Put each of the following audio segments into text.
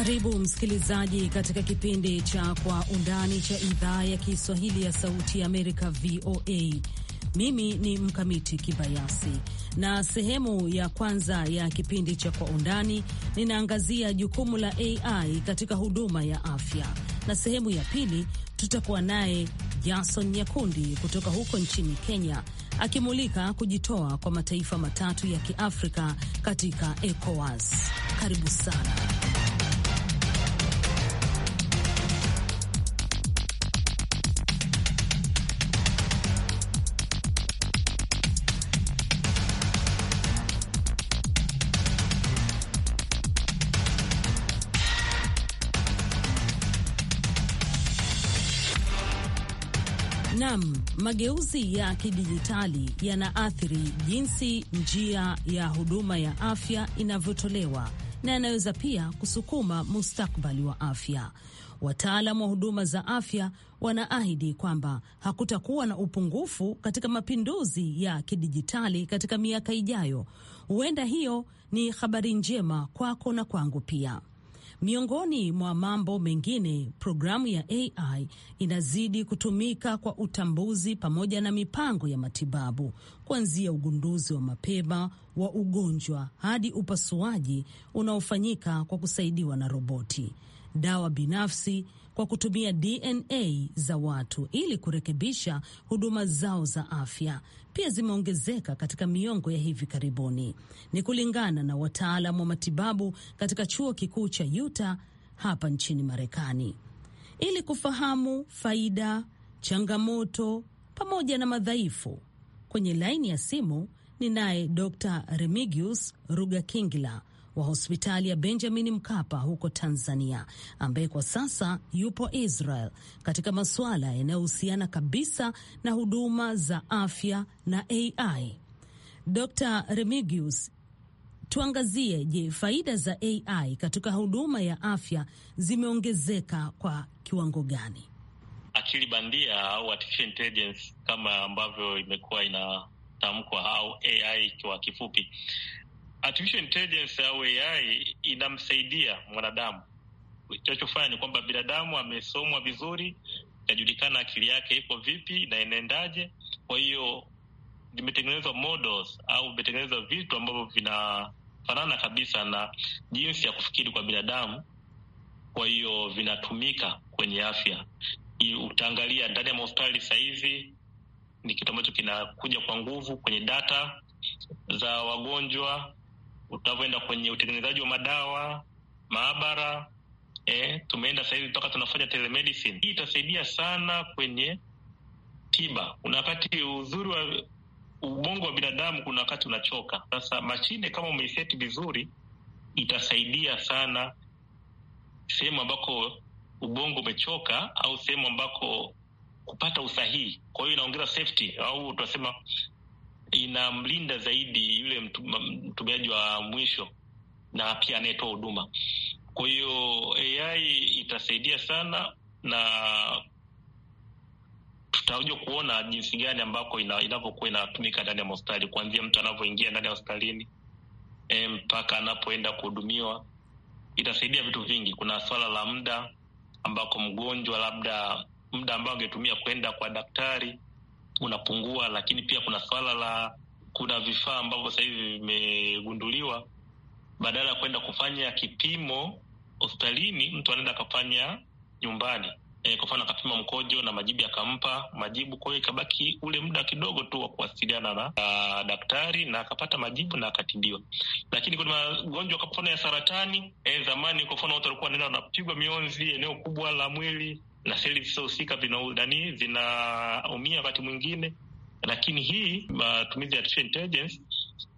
Karibu msikilizaji katika kipindi cha Kwa Undani cha idhaa ya Kiswahili ya Sauti ya Amerika, VOA. Mimi ni Mkamiti Kibayasi, na sehemu ya kwanza ya kipindi cha Kwa Undani ninaangazia jukumu la AI katika huduma ya afya, na sehemu ya pili tutakuwa naye Jason Nyakundi kutoka huko nchini Kenya akimulika kujitoa kwa mataifa matatu ya Kiafrika katika ECOWAS. Karibu sana. Nam, mageuzi ya kidijitali yanaathiri jinsi njia ya huduma ya afya inavyotolewa na yanaweza pia kusukuma mustakbali wa afya. wataalam wa huduma za afya wanaahidi kwamba hakutakuwa na upungufu katika mapinduzi ya kidijitali katika miaka ijayo. Huenda hiyo ni habari njema kwako na kwangu pia. Miongoni mwa mambo mengine, programu ya AI inazidi kutumika kwa utambuzi pamoja na mipango ya matibabu, kuanzia ugunduzi wa mapema wa ugonjwa hadi upasuaji unaofanyika kwa kusaidiwa na roboti, dawa binafsi kwa kutumia DNA za watu ili kurekebisha huduma zao za afya pia zimeongezeka katika miongo ya hivi karibuni. Ni kulingana na wataalam wa matibabu katika chuo kikuu cha Utah hapa nchini Marekani. Ili kufahamu faida, changamoto pamoja na madhaifu, kwenye laini ya simu ninaye Dr Remigius rugakingla wa hospitali ya Benjamin Mkapa huko Tanzania, ambaye kwa sasa yupo Israel katika masuala yanayohusiana kabisa na huduma za afya na AI. Dr. Remigius, tuangazie, je, faida za AI katika huduma ya afya zimeongezeka kwa kiwango gani? Akili bandia au artificial intelligence kama ambavyo imekuwa inatamkwa au AI kwa kifupi, artificial intelligence au AI inamsaidia mwanadamu. Kinachofanya ni kwamba binadamu amesomwa vizuri, inajulikana akili yake iko vipi na inaendaje. Kwa hiyo vimetengenezwa models au vimetengenezwa vitu ambavyo vinafanana kabisa na jinsi ya kufikiri kwa binadamu. Kwa hiyo vinatumika kwenye afya. Utaangalia ndani ya mahospitali sahizi ni kitu ambacho kinakuja kwa nguvu kwenye data za wagonjwa utavyoenda kwenye utengenezaji wa madawa, maabara eh, tumeenda sahizi mpaka tunafanya telemedicine. Hii itasaidia sana kwenye tiba. Kuna wakati uzuri wa ubongo wa binadamu, kuna wakati unachoka. Sasa mashine kama umeiseti vizuri, itasaidia sana sehemu ambako ubongo umechoka au sehemu ambako kupata usahihi. Kwa hiyo inaongeza safety au tunasema inamlinda zaidi yule mtumiaji wa mwisho na pia anayetoa huduma. Kwa hiyo AI itasaidia sana na tutakuja kuona jinsi gani ambako inavyokuwa inatumika ndani ya mahospitali, kuanzia mtu anavyoingia ndani ya hospitalini e, mpaka anapoenda kuhudumiwa. Itasaidia vitu vingi. Kuna swala la muda ambako mgonjwa labda muda ambao angetumia kwenda kwa daktari unapungua, lakini pia kuna swala la kuna vifaa ambavyo sasa hivi vimegunduliwa, badala ya kwenda kufanya kipimo hospitalini, mtu anaenda akafanya nyumbani. E, kwa mfano akapima mkojo na majibu akampa majibu, kwa hiyo ikabaki ule muda kidogo tu wa kuwasiliana na uh, daktari na akapata majibu na akatibiwa. Lakini kuna magonjwa kwa mfano ya saratani e, zamani kwa mfano watu walikuwa wanaenda wanapigwa mionzi eneo kubwa la mwili na seli zisizohusika vinani vinaumia wakati mwingine, lakini hii matumizi ya artificial intelligence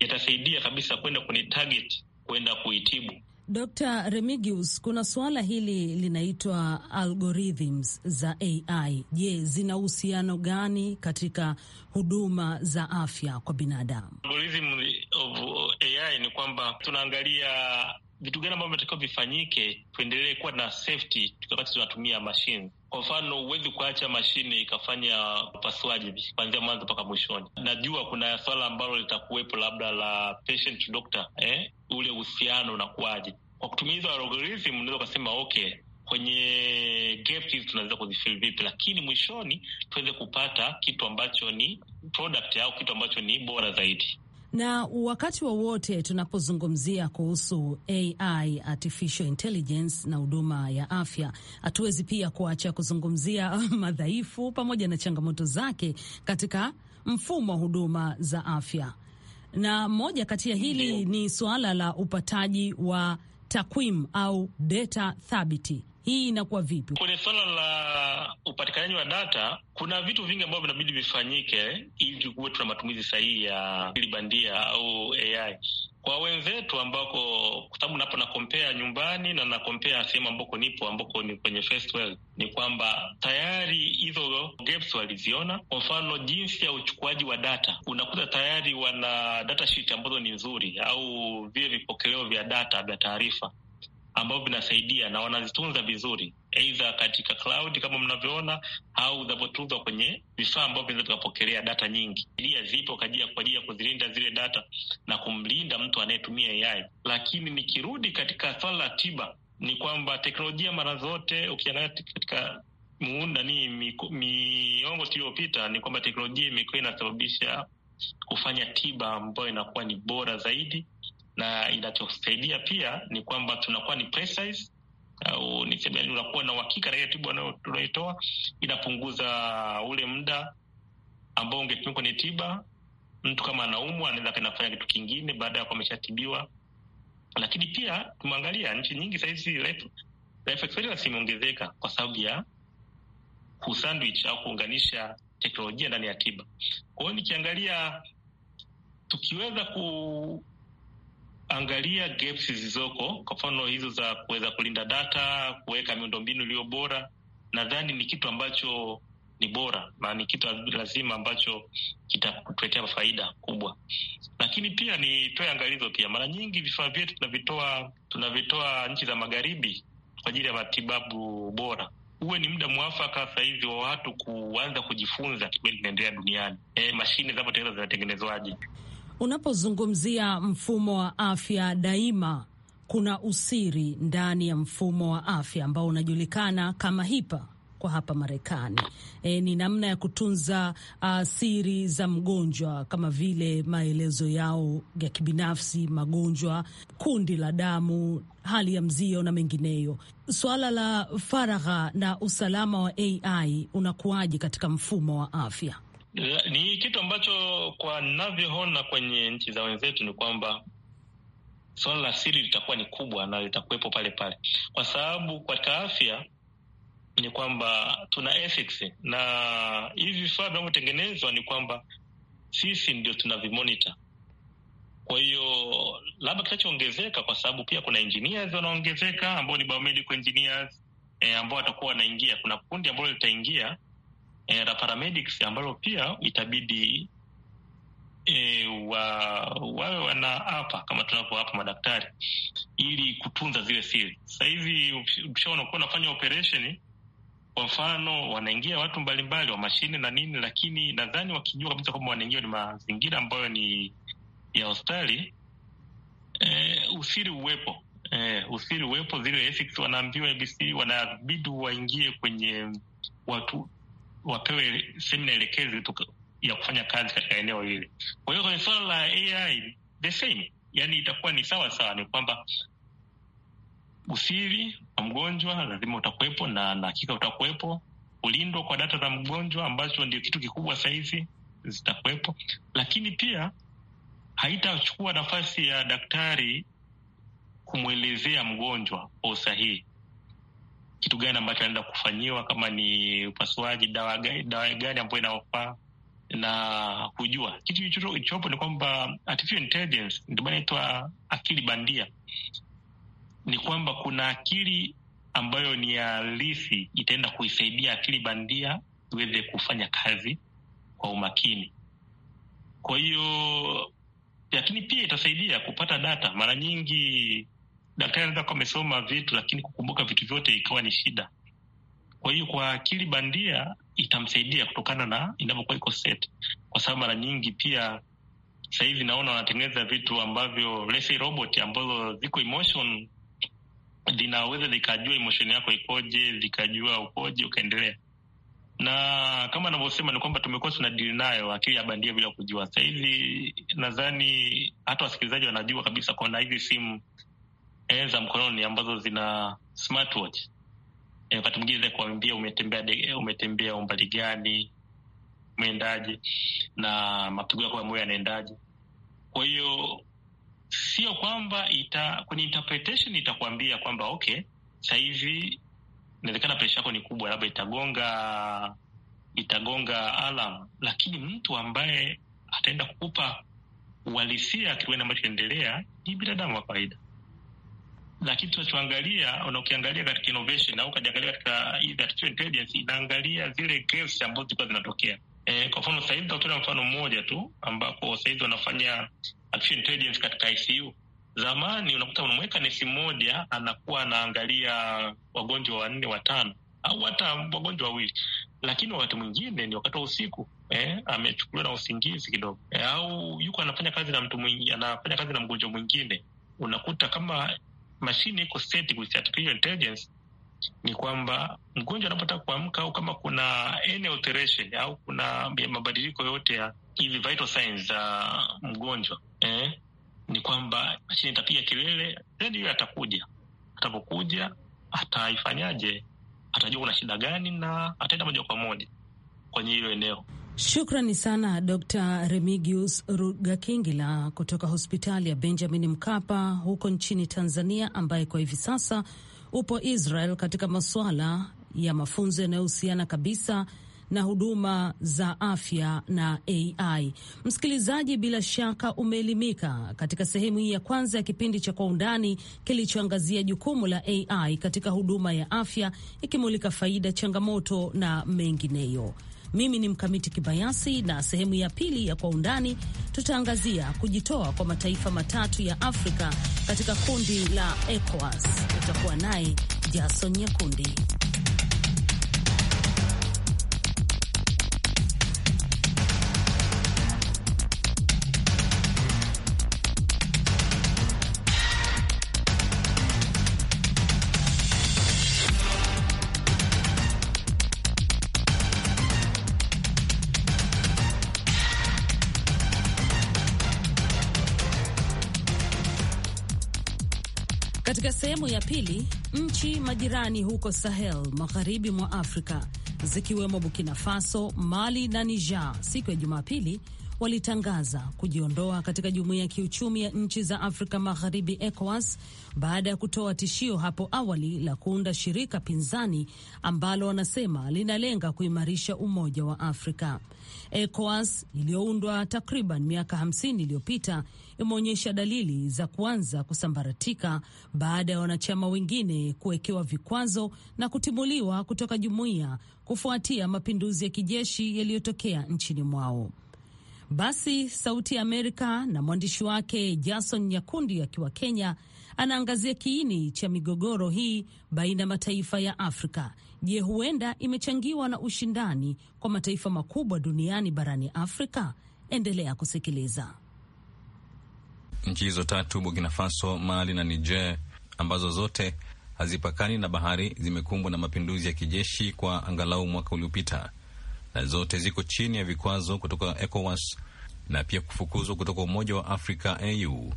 yatasaidia kabisa kwenda kwenye target, kwenda kuitibu. Dr. Remigius, kuna suala hili linaitwa algorithms za AI. Je, zina uhusiano gani katika huduma za afya kwa binadamu? Algorithm of AI ni kwamba tunaangalia vitu gani ambavyo vinatakiwa vifanyike, tuendelee kuwa na safety wakati tunatumia mashine. Kwa mfano, huwezi kuacha mashine ikafanya upasuaji kuanzia mwanzo mpaka mwishoni. Najua kuna swala ambalo litakuwepo labda la patient to doctor, eh? Ule uhusiano unakuwaje? Kwa kutumia hizo algorithm unaweza ukasema okay kwenye gap hizi tunaweza kuzifil vipi, lakini mwishoni tuweze kupata kitu ambacho ni product au kitu ambacho ni bora zaidi na wakati wowote wa tunapozungumzia kuhusu AI, artificial intelligence na huduma ya afya, hatuwezi pia kuacha kuzungumzia madhaifu pamoja na changamoto zake katika mfumo wa huduma za afya, na moja kati ya hili ni suala la upataji wa takwimu au data thabiti. Hii inakuwa vipi kwenye suala la upatikanaji wa data, kuna vitu vingi ambavyo vinabidi vifanyike ili tukuwe tuna matumizi sahihi ya akili bandia au AI kwa wenzetu ambako, kwa sababu napo nakompea nyumbani na nakompea sehemu ambako nipo ambako ni kwenye first world, ni kwamba tayari hizo gaps waliziona. Kwa mfano, jinsi ya uchukuaji wa data, unakuta tayari wana data sheet ambazo ni nzuri, au vile vipokeleo vya data vya taarifa ambavyo vinasaidia na wanazitunza vizuri, aidha katika cloud kama mnavyoona, au zinavyotunzwa kwenye vifaa ambavyo vinaweza vikapokelea data nyingi. Sheria zipo kwa ajili ya kuzilinda zile data na kumlinda mtu anayetumia AI. Lakini nikirudi katika swala la tiba, ni kwamba teknolojia mara zote ukiangalia katika muunda ni miongo tuliyopita, ni kwamba teknolojia imekuwa inasababisha kufanya tiba ambayo inakuwa ni bora zaidi na inachosaidia pia ni kwamba tunakuwa ni precise au niseme, unakuwa na uhakika na ile tiba tunaitoa. Inapunguza ule muda ambao ungetumia kwenye tiba. Mtu kama anaumwa anaweza kanafanya kitu kingine baada ya kuwa ameshatibiwa. Lakini pia tumeangalia nchi nyingi sahizi life expectancy imeongezeka kwa sababu ya kusandwich au kuunganisha teknolojia ndani ya tiba. Kwa hiyo nikiangalia tukiweza ku angalia gaps zilizoko, kwa mfano hizo za kuweza kulinda data, kuweka miundombinu iliyo bora. Nadhani ni kitu ambacho ni bora na ni kitu lazima ambacho kitatuletea faida kubwa, lakini pia nitoe angalizo pia. Mara nyingi vifaa vyetu tunavitoa tunavitoa nchi za magharibi kwa ajili ya matibabu bora. Huwe ni muda mwafaka sahizi wa watu kuanza kujifunza kile inaendelea duniani. E, mashine zinapotengenezwa zinatengenezwaje? unapozungumzia mfumo wa afya daima kuna usiri ndani ya mfumo wa afya ambao unajulikana kama hipa kwa hapa Marekani. E, ni namna ya kutunza uh, siri za mgonjwa kama vile maelezo yao ya kibinafsi, magonjwa, kundi la damu, hali ya mzio na mengineyo. Suala la faragha na usalama wa AI unakuwaje katika mfumo wa afya? Ni kitu ambacho kwa navyoona kwenye nchi za wenzetu ni kwamba swala la siri litakuwa ni kubwa na litakuwepo pale pale, kwa sababu katika afya ni kwamba tuna ethics, na hivi vifaa vinavyotengenezwa ni kwamba sisi ndio tunavimonita. Kwa hiyo labda kitachoongezeka, kwa sababu pia kuna engineers wanaongezeka ambao ni biomedical engineers, eh, ambao watakuwa wanaingia, kuna kundi ambalo litaingia e, la paramedics ambalo pia itabidi e, wawe wanaapa kama hapa madaktari ili kutunza zile siri. Sasa hivi ukishaona kuwa unafanya operesheni kwa mfano wanaingia watu mbalimbali wa mashine na nini, lakini nadhani wakijua kabisa kwamba wanaingia ni mazingira ambayo ni ya hospitali e, usiri uwepo e, usiri uwepo, zile ethics wanaambiwa ABC, wanabidi waingie kwenye watu wapewe semina elekezi ya kufanya kazi katika eneo hili Kwa hiyo kwenye suala la AI the same, yani itakuwa ni sawa sawa, ni kwamba usiri wa mgonjwa lazima utakuwepo na na hakika utakuwepo, kulindwa kwa data za mgonjwa ambacho ndio kitu kikubwa sahizi zitakuwepo, lakini pia haitachukua nafasi ya daktari kumwelezea mgonjwa kwa usahihi kitu gani ambacho anaenda kufanyiwa, kama ni upasuaji, dawa dawa gani ambayo inaofaa na kujua kitu kilichopo ni kwamba artificial intelligence ndio inaitwa akili bandia, ni kwamba kuna akili ambayo ni ya lisi itaenda kuisaidia akili bandia iweze kufanya kazi kwa umakini. Kwa hiyo, lakini pia itasaidia kupata data. Mara nyingi Daktari anaweza kuwa amesoma vitu, lakini kukumbuka vitu vyote ikawa ni shida. Kwa hiyo kwa akili bandia itamsaidia kutokana na inavyokuwa iko set, kwa sababu mara nyingi pia sasa hivi naona wanatengeneza vitu ambavyo lesi robot ambazo ziko emotion zinaweza zikajua emotion yako ikoje, zikajua ukoje, ukaendelea na kama anavyosema ni kwamba tumekuwa tunadili nayo akili ya bandia bila kujua. Sahizi nadhani hata wasikilizaji wanajua kabisa, kuna hizi simu e, za mkononi ambazo zina smartwatch eh, wakati mwingine mwingine kuambia umetembea de, eh, umetembea umbali gani, umeendaje na mapigo yako ya moyo yanaendaje. Kwa hiyo sio kwamba ita, kwenye interpretation itakuambia kwamba okay, sahivi inawezekana presha yako ni kubwa, labda itagonga itagonga alam, lakini mtu ambaye ataenda kukupa uhalisia kitu ambacho kinaendelea ni binadamu wa kawaida lakini tunachoangalia na ukiangalia katika innovation au ukajiangalia katika artificial intelligence inaangalia zile gaps ambazo zilikuwa zinatokea. E, kwa mfano sahizi tutatolea mfano mmoja tu ambapo sahizi wanafanya artificial intelligence katika ICU. Zamani unakuta unamweka nesi mmoja anakuwa anaangalia wagonjwa wanne watano au hata wagonjwa wawili, lakini wakati mwingine ni wakati wa usiku eh, amechukuliwa na usingizi kidogo eh, au yuko anafanya kazi na mtu mwingine, anafanya kazi na mgonjwa mwingine, unakuta kama mashine iko seti with artificial intelligence ni kwamba mgonjwa anapotaka kuamka au kama kuna any alteration au kuna mabadiliko yote ya hivi vital signs za uh, mgonjwa eh, ni kwamba mashine itapiga kelele, then hiyo atakuja. Atapokuja ataifanyaje? Atajua kuna shida gani na ataenda moja kwa moja kwenye hilo eneo. Shukrani sana Dr Remigius Rugakingila kutoka hospitali ya Benjamin Mkapa huko nchini Tanzania, ambaye kwa hivi sasa upo Israel katika masuala ya mafunzo yanayohusiana kabisa na huduma za afya na AI. Msikilizaji, bila shaka umeelimika katika sehemu hii ya kwanza ya kipindi cha Kwa Undani kilichoangazia jukumu la AI katika huduma ya afya, ikimulika faida, changamoto na mengineyo. Mimi ni Mkamiti Kibayasi, na sehemu ya pili ya Kwa Undani tutaangazia kujitoa kwa mataifa matatu ya Afrika katika kundi la ECOWAS. Utakuwa naye Jason Nyakundi. sehemu ya pili, nchi majirani huko Sahel magharibi mwa Afrika zikiwemo Burkina Faso, Mali na Niger siku ya Jumapili walitangaza kujiondoa katika jumuiya ya kiuchumi ya nchi za Afrika Magharibi, ECOWAS, baada ya kutoa tishio hapo awali la kuunda shirika pinzani ambalo wanasema linalenga kuimarisha umoja wa Afrika. ECOWAS iliyoundwa takriban miaka 50 iliyopita imeonyesha dalili za kuanza kusambaratika baada ya wanachama wengine kuwekewa vikwazo na kutimuliwa kutoka jumuiya kufuatia mapinduzi ya kijeshi yaliyotokea nchini mwao. Basi Sauti ya Amerika na mwandishi wake Jason Nyakundi akiwa Kenya anaangazia kiini cha migogoro hii baina ya mataifa ya Afrika. Je, huenda imechangiwa na ushindani kwa mataifa makubwa duniani barani Afrika? Endelea kusikiliza. Nchi hizo tatu, Burkina Faso, Mali na Niger, ambazo zote hazipakani na bahari, zimekumbwa na mapinduzi ya kijeshi kwa angalau mwaka uliopita na zote ziko chini ya vikwazo kutoka ECOWAS na pia kufukuzwa kutoka Umoja wa Afrika AU,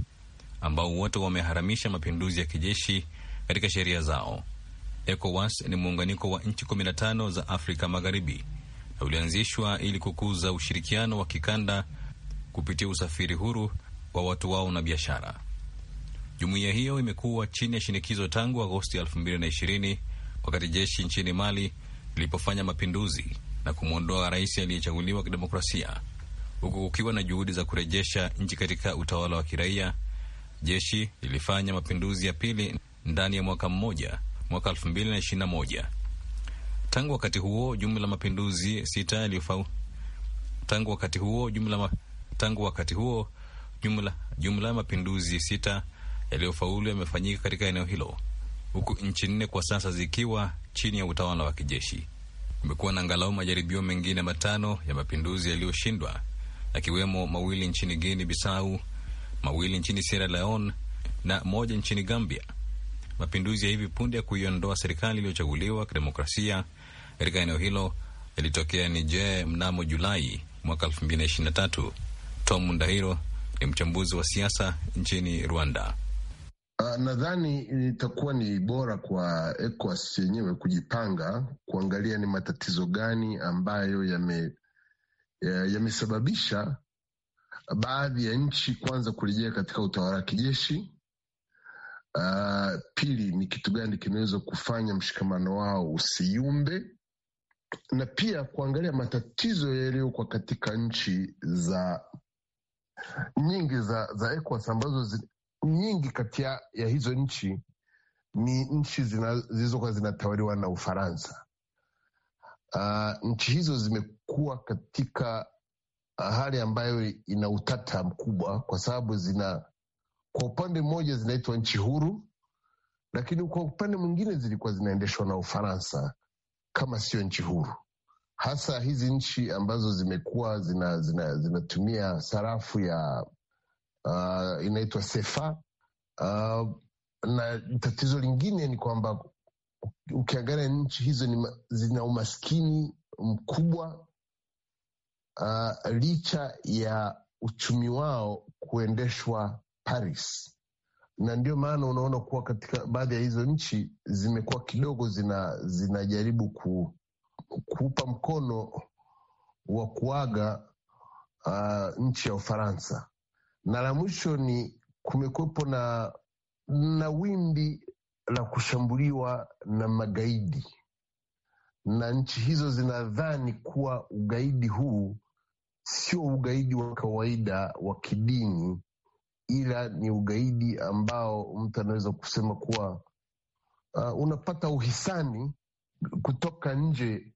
ambao wote wameharamisha mapinduzi ya kijeshi katika sheria zao. ECOWAS ni muunganiko wa nchi 15 za Afrika Magharibi na ulianzishwa ili kukuza ushirikiano wa kikanda kupitia usafiri huru wa watu wao na biashara. Jumuiya hiyo imekuwa chini ya shinikizo tangu Agosti 2020 wakati jeshi nchini Mali lilipofanya mapinduzi na kumwondoa rais aliyechaguliwa kidemokrasia, huku kukiwa na juhudi za kurejesha nchi katika utawala wa kiraia. Jeshi lilifanya mapinduzi ya pili ndani ya mwaka mmoja mwaka 2021. Tangu wakati huo jumla mapinduzi sita yaliyofau tangu wakati huo jumla ma... tangu wakati huo jumla jumla mapinduzi sita yaliyofaulu yamefanyika katika eneo hilo, huku nchi nne kwa sasa zikiwa chini ya utawala wa kijeshi kumekuwa na angalau majaribio mengine matano ya mapinduzi yaliyoshindwa, akiwemo mawili nchini Guinea Bissau, mawili nchini Sierra Leone na moja nchini Gambia. Mapinduzi ya hivi punde ya kuiondoa serikali iliyochaguliwa kidemokrasia katika eneo hilo yalitokea Niger mnamo Julai mwaka 2023. Tom Ndahiro ni mchambuzi wa siasa nchini Rwanda. Ah, nadhani itakuwa ni bora kwa ECOWAS yenyewe kujipanga kuangalia ni matatizo gani ambayo yamesababisha ya, ya baadhi ya nchi kwanza kurejea katika utawala wa kijeshi. Uh, pili ni kitu gani kinaweza kufanya mshikamano wao usiyumbe, na pia kuangalia matatizo yaliyokuwa katika nchi za nyingi za za ECOWAS ambazo nyingi kati ya hizo nchi ni nchi zilizokuwa zinatawaliwa na Ufaransa. Uh, nchi hizo zimekuwa katika hali ambayo ina utata mkubwa, kwa sababu zina kwa upande mmoja zinaitwa nchi huru, lakini kwa upande mwingine zilikuwa zinaendeshwa na Ufaransa kama sio nchi huru, hasa hizi nchi ambazo zimekuwa zinatumia zina, zina sarafu ya uh, inaitwa sefa uh, na tatizo lingine ni kwamba ukiangalia nchi hizo ni, zina umaskini mkubwa uh, licha ya uchumi wao kuendeshwa Paris na ndio maana unaona kuwa katika baadhi ya hizo nchi zimekuwa kidogo zina, zinajaribu ku, kuupa mkono wa kuaga uh, nchi ya Ufaransa na la mwisho ni kumekwepo na, na wimbi la kushambuliwa na magaidi na nchi hizo zinadhani kuwa ugaidi huu sio ugaidi wa kawaida wa kidini, ila ni ugaidi ambao mtu anaweza kusema kuwa uh, unapata uhisani kutoka nje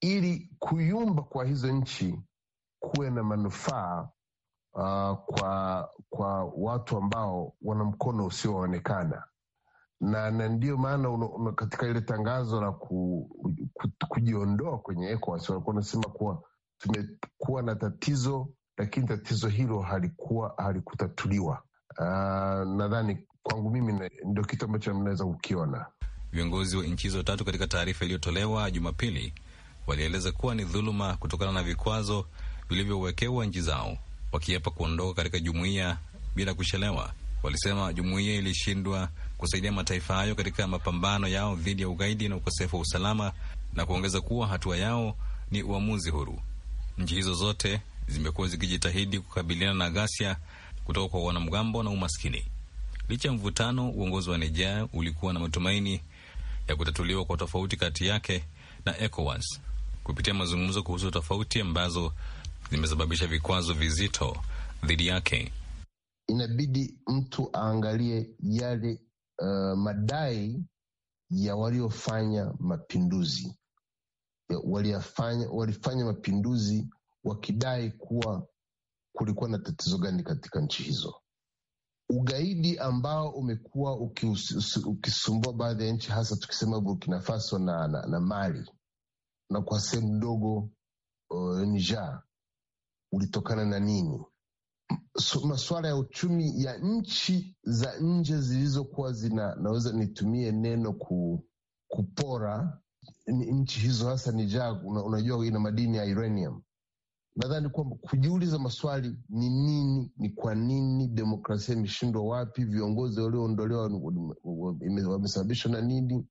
ili kuyumba kwa hizo nchi kuwe na manufaa uh, kwa kwa watu ambao wana mkono usioonekana na, na ndiyo maana uno, katika ile tangazo la ku, ku, kujiondoa kwenye ECOWAS walikuwa wanasema kuwa tumekuwa na tatizo, lakini tatizo hilo halikuwa halikutatuliwa. Uh, nadhani kwangu mimi ndio kitu ambacho mnaweza kukiona. Viongozi wa nchi hizo tatu katika taarifa iliyotolewa Jumapili walieleza kuwa ni dhuluma kutokana na vikwazo vilivyowekewa nchi zao wakiapa kuondoka katika jumuiya bila kuchelewa. Walisema jumuiya ilishindwa kusaidia mataifa hayo katika mapambano yao dhidi ya ugaidi na ukosefu wa usalama, na kuongeza kuwa hatua yao ni uamuzi huru. Nchi hizo zote zimekuwa zikijitahidi kukabiliana na ghasia kutoka kwa wanamgambo na umaskini. Licha ya mvutano, uongozi wa Niger ulikuwa na matumaini ya kutatuliwa kwa tofauti kati yake na ECOWAS kupitia mazungumzo kuhusu tofauti ambazo zimesababisha vikwazo vizito dhidi yake. Inabidi mtu aangalie yale uh, madai ya waliofanya mapinduzi walifanya, walifanya mapinduzi wakidai kuwa kulikuwa na tatizo gani katika nchi hizo. Ugaidi ambao umekuwa ukisumbua baadhi ya nchi hasa tukisema Burkina Faso na, na, na Mali na kwa sehemu ndogo uh, Niger ulitokana na nini? So, masuala ya uchumi ya nchi za nje zilizokuwa zina, naweza nitumie neno ku, kupora nchi hizo hasa ni jag, una, unajua ina madini ya uranium. Nadhani kwamba kujiuliza maswali ni nini, ni kwa nini demokrasia imeshindwa wapi, viongozi walioondolewa wamesababishwa na nini?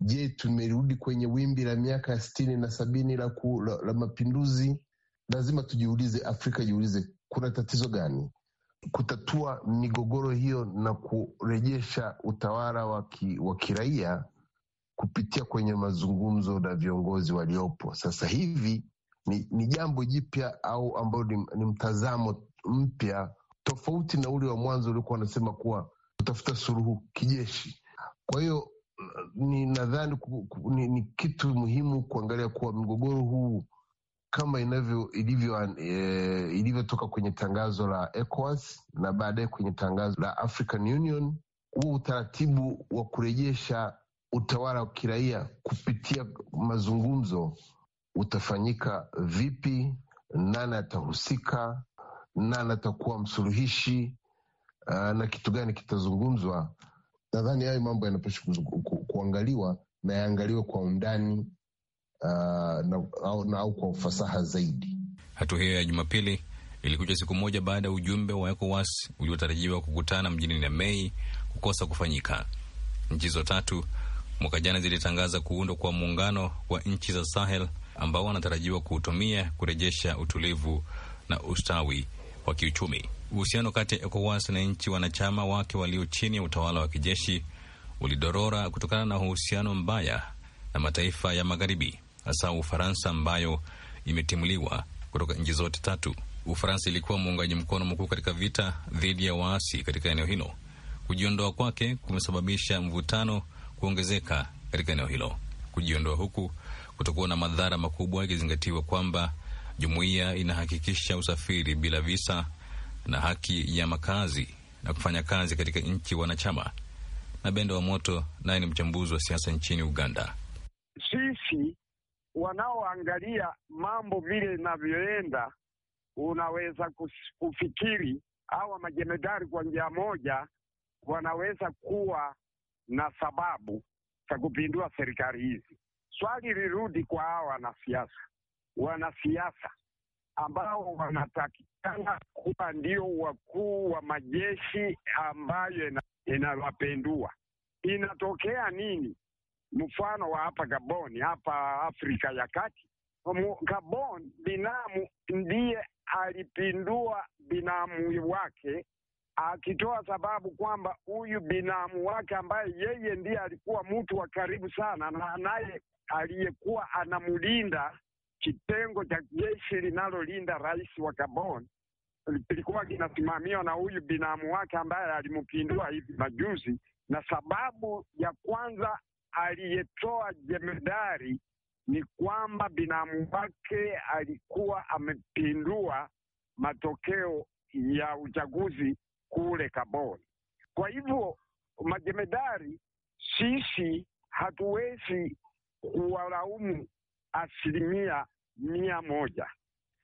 Je, tumerudi kwenye wimbi la miaka sitini na sabini la, ku, la, la mapinduzi lazima tujiulize, Afrika jiulize kuna tatizo gani kutatua migogoro hiyo na kurejesha utawala wa kiraia kupitia kwenye mazungumzo na viongozi waliopo sasa hivi ni, ni jambo jipya au ambayo ni, ni mtazamo mpya tofauti na ule wa mwanzo uliokuwa anasema kuwa kutafuta suluhu kijeshi. Kwa hiyo ni nadhani ni, ni kitu muhimu kuangalia kuwa mgogoro huu kama eh, ilivyotoka eh, kwenye tangazo la ECOWAS na baadaye kwenye tangazo la African Union. Huo utaratibu wa kurejesha utawala wa kiraia kupitia mazungumzo utafanyika vipi? Nani atahusika? Nani atakuwa msuluhishi? Uh, na kitu gani kitazungumzwa? Nadhani hayo mambo yanaposha kuangaliwa na yaangaliwe kwa undani uh, na, au, kwa ufasaha zaidi. Hatua hiyo ya Jumapili ilikuja siku moja baada ya ujumbe wa ECOWAS uliotarajiwa kukutana mjini na mei kukosa kufanyika. Nchi hizo tatu mwaka jana zilitangaza kuundwa kwa muungano wa nchi za Sahel ambao wanatarajiwa kuutumia kurejesha utulivu na ustawi wa kiuchumi. Uhusiano kati ya ECOWAS na nchi wanachama wake walio chini ya utawala wa kijeshi ulidorora kutokana na uhusiano mbaya na mataifa ya Magharibi hasa Ufaransa ambayo imetimuliwa kutoka nchi zote tatu. Ufaransa ilikuwa muungaji mkono mkuu katika vita dhidi ya waasi katika eneo hilo. Kujiondoa kwake kumesababisha mvutano kuongezeka katika eneo hilo. Kujiondoa huku kutokuwa na madhara makubwa, ikizingatiwa kwamba jumuiya inahakikisha usafiri bila visa na haki ya makazi na kufanya kazi katika nchi wanachama. Na bendo wa Moto naye ni mchambuzi wa siasa nchini Uganda. Sisi wanaoangalia mambo vile inavyoenda, unaweza kufikiri hawa majemedari kwa njia moja wanaweza kuwa na sababu za kupindua serikali hizi. Swali lirudi kwa hawa wanasiasa, wanasiasa ambao wanatakikana kuwa ndio wakuu wa majeshi ambayo inawapendua. Inatokea nini mfano wa hapa Gabon, hapa Afrika ya Kati. Gabon binamu ndiye alipindua binamu wake akitoa sababu kwamba huyu binamu wake ambaye yeye ndiye alikuwa mtu wa karibu sana na naye aliyekuwa anamlinda kitengo cha jeshi linalolinda rais wa Gabon kilikuwa kinasimamiwa na huyu binamu wake ambaye alimpindua hivi majuzi, na sababu ya kwanza aliyetoa jemedari ni kwamba binamu wake alikuwa amepindua matokeo ya uchaguzi kule Kaboni. Kwa hivyo majemedari, sisi hatuwezi kuwalaumu asilimia mia moja,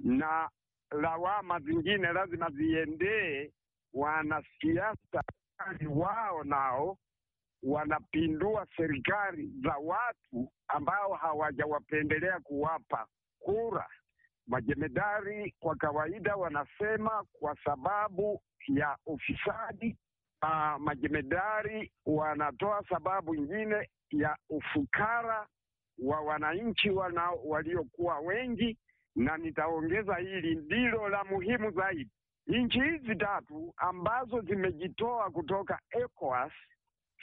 na lawama zingine lazima ziendee wanasiasa wao nao wanapindua serikali za watu ambao hawajawapendelea kuwapa kura. Majemedari kwa kawaida wanasema kwa sababu ya ufisadi. Uh, majemedari wanatoa sababu ingine ya ufukara wa wananchi waliokuwa wengi, na nitaongeza hili ndilo la muhimu zaidi. Nchi hizi tatu ambazo zimejitoa kutoka ECOWAS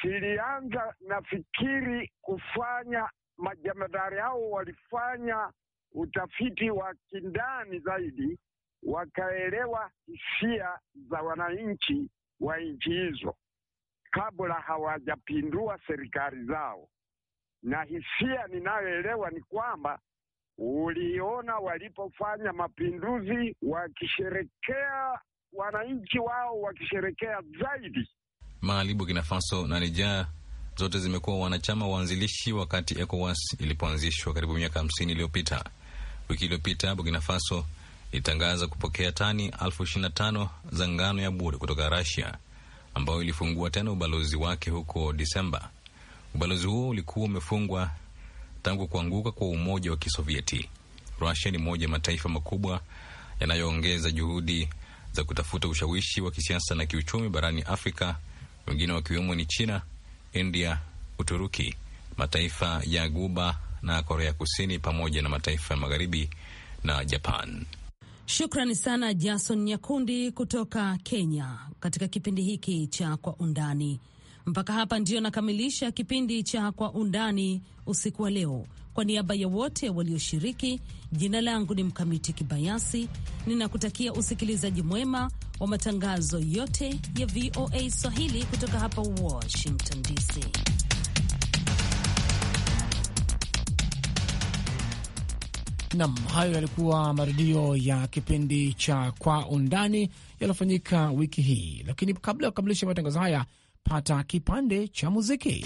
kilianza nafikiri kufanya majamadari hao walifanya utafiti wa kindani zaidi, wakaelewa hisia za wananchi wa nchi hizo kabla hawajapindua serikali zao, na hisia ninayoelewa ni kwamba uliona walipofanya mapinduzi wakisherekea wananchi wao wakisherekea zaidi Mali, Burkina Faso na Niger zote zimekuwa wanachama waanzilishi wakati ECOWAS ilipoanzishwa karibu miaka hamsini iliyopita. Wiki iliyopita Burkina Faso ilitangaza kupokea tani elfu ishirini na tano za ngano ya bure kutoka Rasia, ambayo ilifungua tena ubalozi wake huko Disemba. Ubalozi huo ulikuwa umefungwa tangu kuanguka kwa Umoja wa Kisovieti. Rusia ni moja ya mataifa makubwa yanayoongeza juhudi za kutafuta ushawishi wa kisiasa na kiuchumi barani Afrika wengine wakiwemo ni China, India, Uturuki, mataifa ya Guba na Korea Kusini pamoja na mataifa ya Magharibi na Japan. Shukrani sana Jason Nyakundi kutoka Kenya katika kipindi hiki cha Kwa Undani. Mpaka hapa ndiyo nakamilisha kipindi cha Kwa Undani usiku wa leo. Kwa niaba ya wote walioshiriki, jina langu ni Mkamiti Kibayasi, ninakutakia usikilizaji mwema wa matangazo yote ya VOA Swahili kutoka hapa Washington DC. Nam, hayo yalikuwa marudio ya kipindi cha Kwa Undani yaliyofanyika wiki hii, lakini kabla ya kukamilisha matangazo haya pata kipande cha muziki.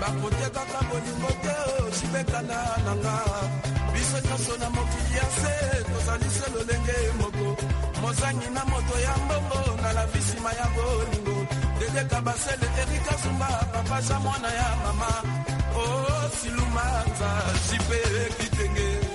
bakotekaka bolingo te osimekana nanga biso mokili na moto na papa ya mama kitenge